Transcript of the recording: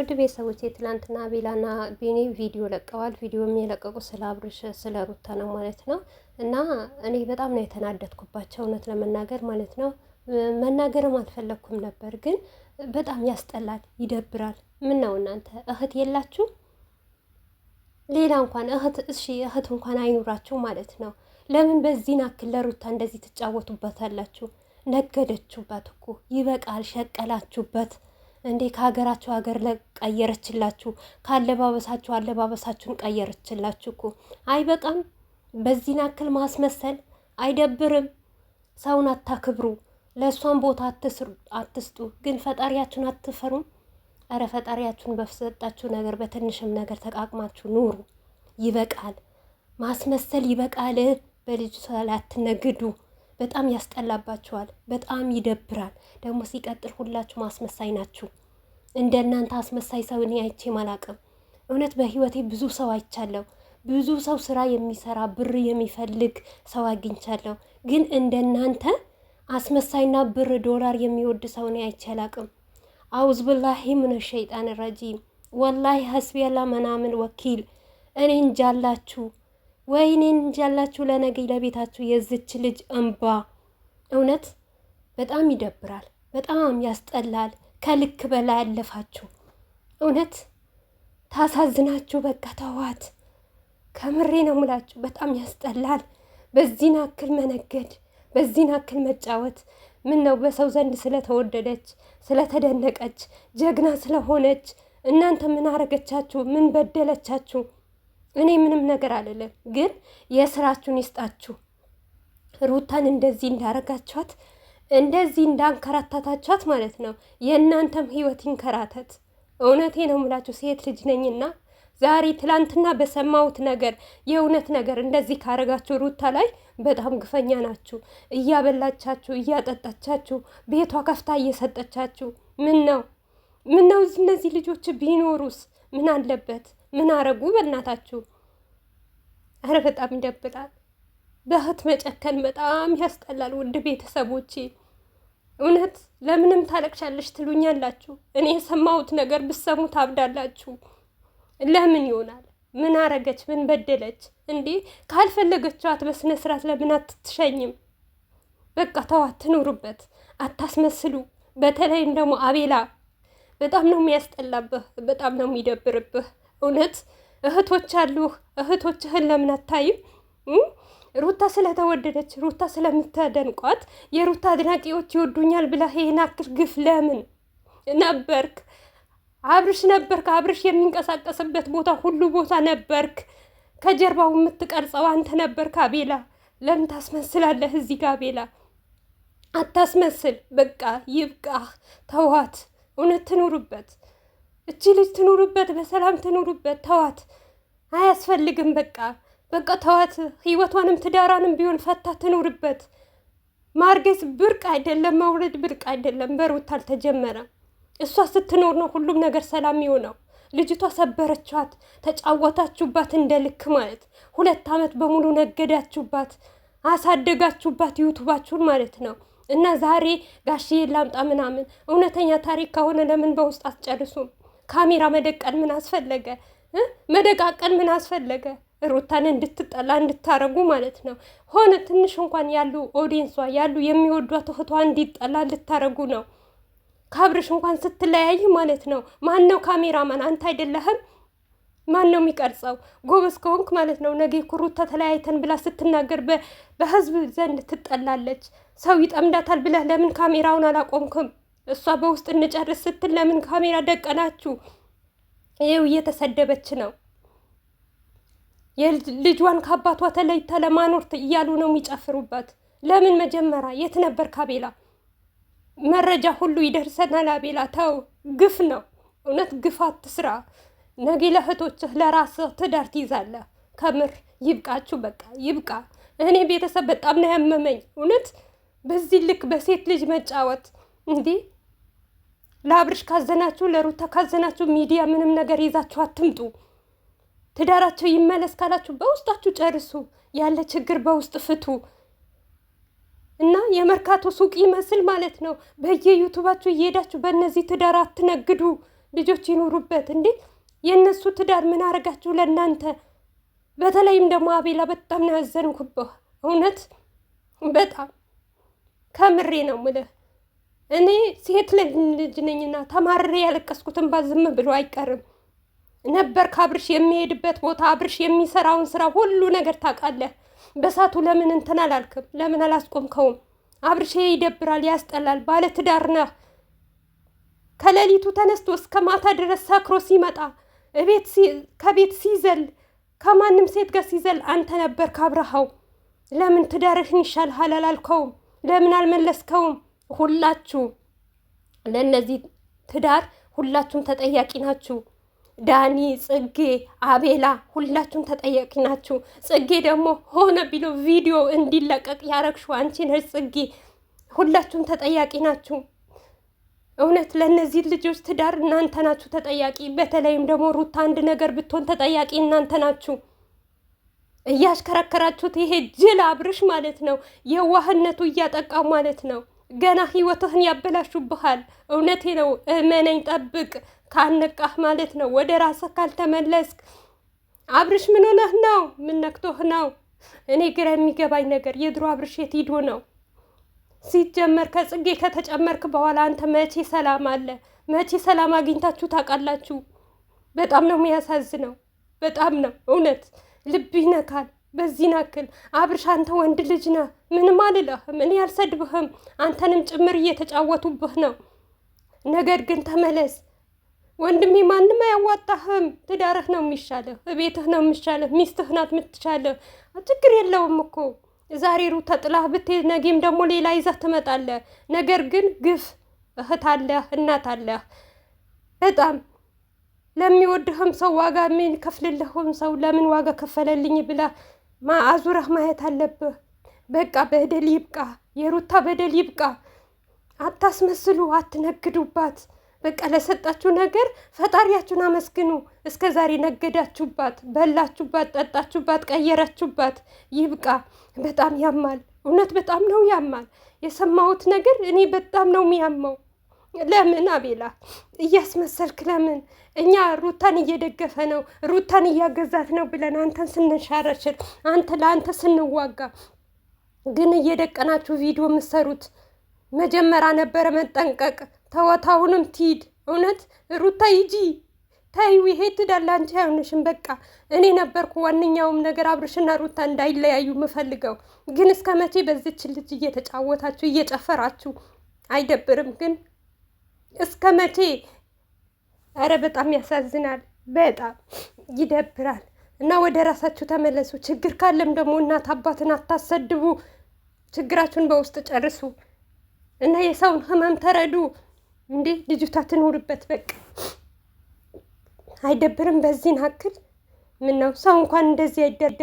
ውድ ቤተሰቦች ትናንትና ቤላና ቤኔ ቪዲዮ ለቀዋል። ቪዲዮ የለቀቁ ስለ አብርሽ ስለ ሩታ ነው ማለት ነው። እና እኔ በጣም ነው የተናደድኩባቸው እውነት ለመናገር ማለት ነው። መናገርም አልፈለግኩም ነበር፣ ግን በጣም ያስጠላል፣ ይደብራል። ምን ነው እናንተ እህት የላችሁ? ሌላ እንኳን እህት እሺ እህት እንኳን አይኑራችሁ ማለት ነው። ለምን በዚህን አክል ለሩታ እንደዚህ ትጫወቱበታላችሁ? ነገደችሁበት እኮ ይበቃል፣ ሸቀላችሁበት እንዴ ከሀገራችሁ ሀገር ቀየረችላችሁ፣ ከአለባበሳችሁ አለባበሳችሁን ቀየረችላችሁ እኮ። አይበቃም? በዚህን ያክል ማስመሰል አይደብርም? ሰውን አታክብሩ፣ ለእሷን ቦታ አትስጡ። ግን ፈጣሪያችሁን አትፈሩም? እረ ፈጣሪያችሁን በሰጣችሁ ነገር በትንሽም ነገር ተቃቅማችሁ ኑሩ። ይበቃል ማስመሰል፣ ይበቃል። በልጅ ላይ አትነግዱ። በጣም ያስጠላባችኋል፣ በጣም ይደብራል። ደግሞ ሲቀጥል ሁላችሁም አስመሳይ ናችሁ። እንደ እናንተ አስመሳይ ሰው እኔ አይቼም አላቅም። እውነት በህይወቴ ብዙ ሰው አይቻለሁ። ብዙ ሰው ስራ የሚሰራ ብር የሚፈልግ ሰው አግኝቻለሁ። ግን እንደ እናንተ አስመሳይና ብር ዶላር የሚወድ ሰው እኔ አይቼ አላቅም። አውዝ ብላሂ ምን ሸይጣን ረጂም ወላሂ ሀስቢያላ መናምን ወኪል እኔ እንጃላችሁ። ወይኔን እንጃላችሁ ለነገ ለቤታችሁ የዝች ልጅ እንባ እውነት በጣም ይደብራል፣ በጣም ያስጠላል። ከልክ በላይ ያለፋችሁ እውነት ታሳዝናችሁ። በቃ ተዋት፣ ከምሬ ነው ምላችሁ። በጣም ያስጠላል። በዚህን አክል መነገድ፣ በዚህን አክል መጫወት። ምን ነው በሰው ዘንድ ስለተወደደች ስለተደነቀች ጀግና ስለሆነች እናንተ ምን አረገቻችሁ? ምን በደለቻችሁ? እኔ ምንም ነገር አልልም፣ ግን የስራችሁን ይስጣችሁ። ሩታን እንደዚህ እንዳረጋችኋት እንደዚህ እንዳንከራታታችኋት ማለት ነው የእናንተም ህይወት ይንከራተት። እውነቴ ነው የምላችሁ ሴት ልጅ ነኝና ዛሬ ትላንትና በሰማሁት ነገር የእውነት ነገር እንደዚህ ካረጋችሁ ሩታ ላይ በጣም ግፈኛ ናችሁ። እያበላቻችሁ፣ እያጠጣቻችሁ፣ ቤቷ ከፍታ እየሰጠቻችሁ ምን ነው ምን ነው እነዚህ ልጆች ቢኖሩስ ምን አለበት? ምን አረጉ? በእናታችሁ አረ በጣም ይደብጣል። በእህት መጨከን በጣም ያስጠላል። ውድ ቤተሰቦቼ እውነት ለምንም ታለቅሻለሽ ትሉኛላችሁ። እኔ የሰማሁት ነገር ብሰሙ ታብዳላችሁ። ለምን ይሆናል? ምን አረገች? ምን በደለች? እንዴ ካልፈለገችዋት በስነ ስርዓት ለምን አትትሸኝም? በቃ ተው፣ አትኖሩበት፣ አታስመስሉ። በተለይም ደግሞ አቤላ በጣም ነው የሚያስጠላብህ፣ በጣም ነው የሚደብርብህ። እውነት እህቶች እህቶች እህቶችህን ለምን አታይም? ሩታ ስለተወደደች ሩታ ስለምታደንቋት የሩታ አድናቂዎች ይወዱኛል ብላ ይሄን አክል ግፍ ለምን ነበርክ? አብርሽ ነበርክ፣ አብርሽ የሚንቀሳቀስበት ቦታ ሁሉ ቦታ ነበርክ። ከጀርባው የምትቀርጸው አንተ ነበርክ። አቤላ ለምን ታስመስላለህ? እዚህ ጋ አቤላ አታስመስል። በቃ ይብቃህ፣ ተዋት። እውነት ትኑርበት። እቺ ልጅ ትኑርበት፣ በሰላም ትኑርበት። ተዋት፣ አያስፈልግም። በቃ በቃ ተዋት። ህይወቷንም ትዳራንም ቢሆን ፈታ ትኑርበት። ማርገዝ ብርቅ አይደለም፣ መውለድ ብርቅ አይደለም። በሩት አልተጀመረ እሷ ስትኖር ነው ሁሉም ነገር ሰላም የሆነው። ልጅቷ ሰበረችኋት፣ ተጫወታችሁባት፣ እንደ ልክ ማለት ሁለት ዓመት በሙሉ ነገዳችሁባት፣ አሳደጋችሁባት ዩቱባችሁን ማለት ነው። እና ዛሬ ጋሽዬ ላምጣ ምናምን እውነተኛ ታሪክ ከሆነ ለምን በውስጥ አትጨርሱም? ካሜራ መደቀን ምን አስፈለገ? መደቃቀን ምን አስፈለገ? ሩታን እንድትጠላ እንድታረጉ ማለት ነው። ሆነ ትንሽ እንኳን ያሉ ኦዲንሷ ያሉ የሚወዷት እህቷ እንዲጠላ ልታረጉ ነው። ካብርሽ እንኳን ስትለያይ ማለት ነው። ማን ነው ካሜራማን? አንተ አይደለህም? ማን ነው የሚቀርጸው? ጎበዝ ከሆንክ ማለት ነው። ነገ ኩሩታ ተለያይተን ብላ ስትናገር በህዝብ ዘንድ ትጠላለች። ሰው ይጠምዳታል ብለህ ለምን ካሜራውን አላቆምክም? እሷ በውስጥ እንጨርስ ስትል ለምን ካሜራ ደቀናችሁ? ይኸው እየተሰደበች ነው። ልጇን ከአባቷ ተለይታ ለማኖር እያሉ ነው የሚጨፍሩበት ለምን መጀመሪያ የት ነበር ካቤላ? መረጃ ሁሉ ይደርሰናል። አቤላ ተው፣ ግፍ ነው እውነት። ግፍ አትስራ። ነገ ለእህቶችህ ለራስህ ትዳር ትይዛለህ። ከምር ይብቃችሁ፣ በቃ ይብቃ። እኔ ቤተሰብ በጣም ነው ያመመኝ እውነት፣ በዚህ ልክ በሴት ልጅ መጫወት እንዲህ ለአብርሽ ካዘናችሁ፣ ለሩታ ካዘናችሁ ሚዲያ ምንም ነገር ይዛችሁ አትምጡ። ትዳራቸው ይመለስ ካላችሁ በውስጣችሁ ጨርሱ። ያለ ችግር በውስጥ ፍቱ እና የመርካቶ ሱቅ ይመስል ማለት ነው። በየዩቱባችሁ እየሄዳችሁ በእነዚህ ትዳር አትነግዱ። ልጆች ይኖሩበት እንዴ! የእነሱ ትዳር ምን አረጋችሁ ለእናንተ? በተለይም ደግሞ አቤላ በጣም ነው ያዘንኩብህ። እውነት በጣም ከምሬ ነው ምልህ እኔ ሴት ልጅ ነኝና ተማርሬ ያለቀስኩትን ባዝም ብሎ አይቀርም ነበር ከአብርሽ የሚሄድበት ቦታ አብርሽ የሚሰራውን ስራ ሁሉ ነገር ታውቃለህ። በሳቱ ለምን እንትን አላልክም? ለምን አላስቆምከውም? አብርሽ ይደብራል፣ ያስጠላል። ባለ ትዳር ነህ። ከሌሊቱ ተነስቶ እስከ ማታ ድረስ ሰክሮ ሲመጣ እቤት ከቤት ሲዘል ከማንም ሴት ጋር ሲዘል አንተ ነበር ካብረሃው። ለምን ትዳርህን ይሻልሃል አላልከውም? ለምን አልመለስከውም? ሁላችሁ ለእነዚህ ትዳር ሁላችሁም ተጠያቂ ናችሁ። ዳኒ፣ ጽጌ፣ አቤላ ሁላችሁም ተጠያቂ ናችሁ። ጽጌ ደግሞ ሆነ ቢሎ ቪዲዮ እንዲለቀቅ ያረግሽው አንቺ ነሽ ጽጌ። ሁላችሁም ተጠያቂ ናችሁ። እውነት ለእነዚህ ልጆች ትዳር እናንተ ናችሁ ተጠያቂ። በተለይም ደግሞ ሩታ አንድ ነገር ብትሆን ተጠያቂ እናንተ ናችሁ። እያሽከረከራችሁት ይሄ ጅል አብርሽ ማለት ነው። የዋህነቱ እያጠቃው ማለት ነው። ገና ህይወትህን ያበላሹብሃል። እውነቴ ነው፣ እመነኝ፣ ጠብቅ። ካነቃህ ማለት ነው። ወደ ራስህ ካልተመለስክ አብርሽ ምን ሆነህ ነው? ምን ነክቶህ ነው? እኔ ግራ የሚገባኝ ነገር የድሮ አብርሽ የት ሂዶ ነው? ሲጀመር ከጽጌ ከተጨመርክ በኋላ አንተ መቼ ሰላም አለ? መቼ ሰላም አግኝታችሁ ታውቃላችሁ? በጣም ነው የሚያሳዝነው። በጣም ነው እውነት ልብ ይነካል። በዚህ ናክል አብርሽ፣ አንተ ወንድ ልጅ ነህ፣ ምንም አልልህም፣ እኔ አልሰድብህም። አንተንም ጭምር እየተጫወቱብህ ነው። ነገር ግን ተመለስ ወንድሜ፣ ማንም አያዋጣህም። ትዳርህ ነው የሚሻልህ፣ እቤትህ ነው የሚሻልህ፣ ሚስትህ ናት የምትሻልህ። ችግር የለውም እኮ ዛሬ ሩታ ጥላህ ብትሄድ ነገም ደግሞ ሌላ ይዘህ ትመጣለህ። ነገር ግን ግፍ እህት አለህ፣ እናት አለህ። በጣም ለሚወድህም ሰው ዋጋ ምን ከፍልልህም ሰው ለምን ዋጋ ከፈለልኝ ብላ አዙረህ ማየት አለብህ። በቃ በደል ይብቃ፣ የሩታ በደል ይብቃ። አታስመስሉ፣ አትነግዱባት። በቃ ለሰጣችሁ ነገር ፈጣሪያችሁን አመስግኑ። እስከ ዛሬ ነገዳችሁባት፣ በላችሁባት፣ ጠጣችሁባት፣ ቀየራችሁባት። ይብቃ። በጣም ያማል፣ እውነት በጣም ነው ያማል። የሰማሁት ነገር እኔ በጣም ነው የሚያማው። ለምን አቤላ እያስመሰልክ ለምን? እኛ ሩታን እየደገፈ ነው ሩታን እያገዛት ነው ብለን አንተን ስንሸረሽር አንተ ለአንተ ስንዋጋ ግን እየደቀናችሁ ቪዲዮ የምትሰሩት መጀመሪያ ነበረ መጠንቀቅ። ተወታውንም ትሂድ እውነት ሩታ ይጂ ታይው ይሄ ትዳላ አንቺ አይሆንሽም። በቃ እኔ ነበርኩ ዋነኛውም ነገር አብርሽና ሩታ እንዳይለያዩ የምፈልገው። ግን እስከ መቼ በዚች ልጅ እየተጫወታችሁ እየጨፈራችሁ አይደብርም ግን እስከ መቼ? ኧረ በጣም ያሳዝናል። በጣም ይደብራል። እና ወደ ራሳችሁ ተመለሱ። ችግር ካለም ደግሞ እናት አባትን አታሰድቡ። ችግራችሁን በውስጥ ጨርሱ እና የሰውን ህመም ተረዱ። እንዴ ልጅቷ ትኖርበት በቃ አይደብርም? በዚህን አክል ምን ነው ሰው እንኳን እንደዚህ አይደብርም።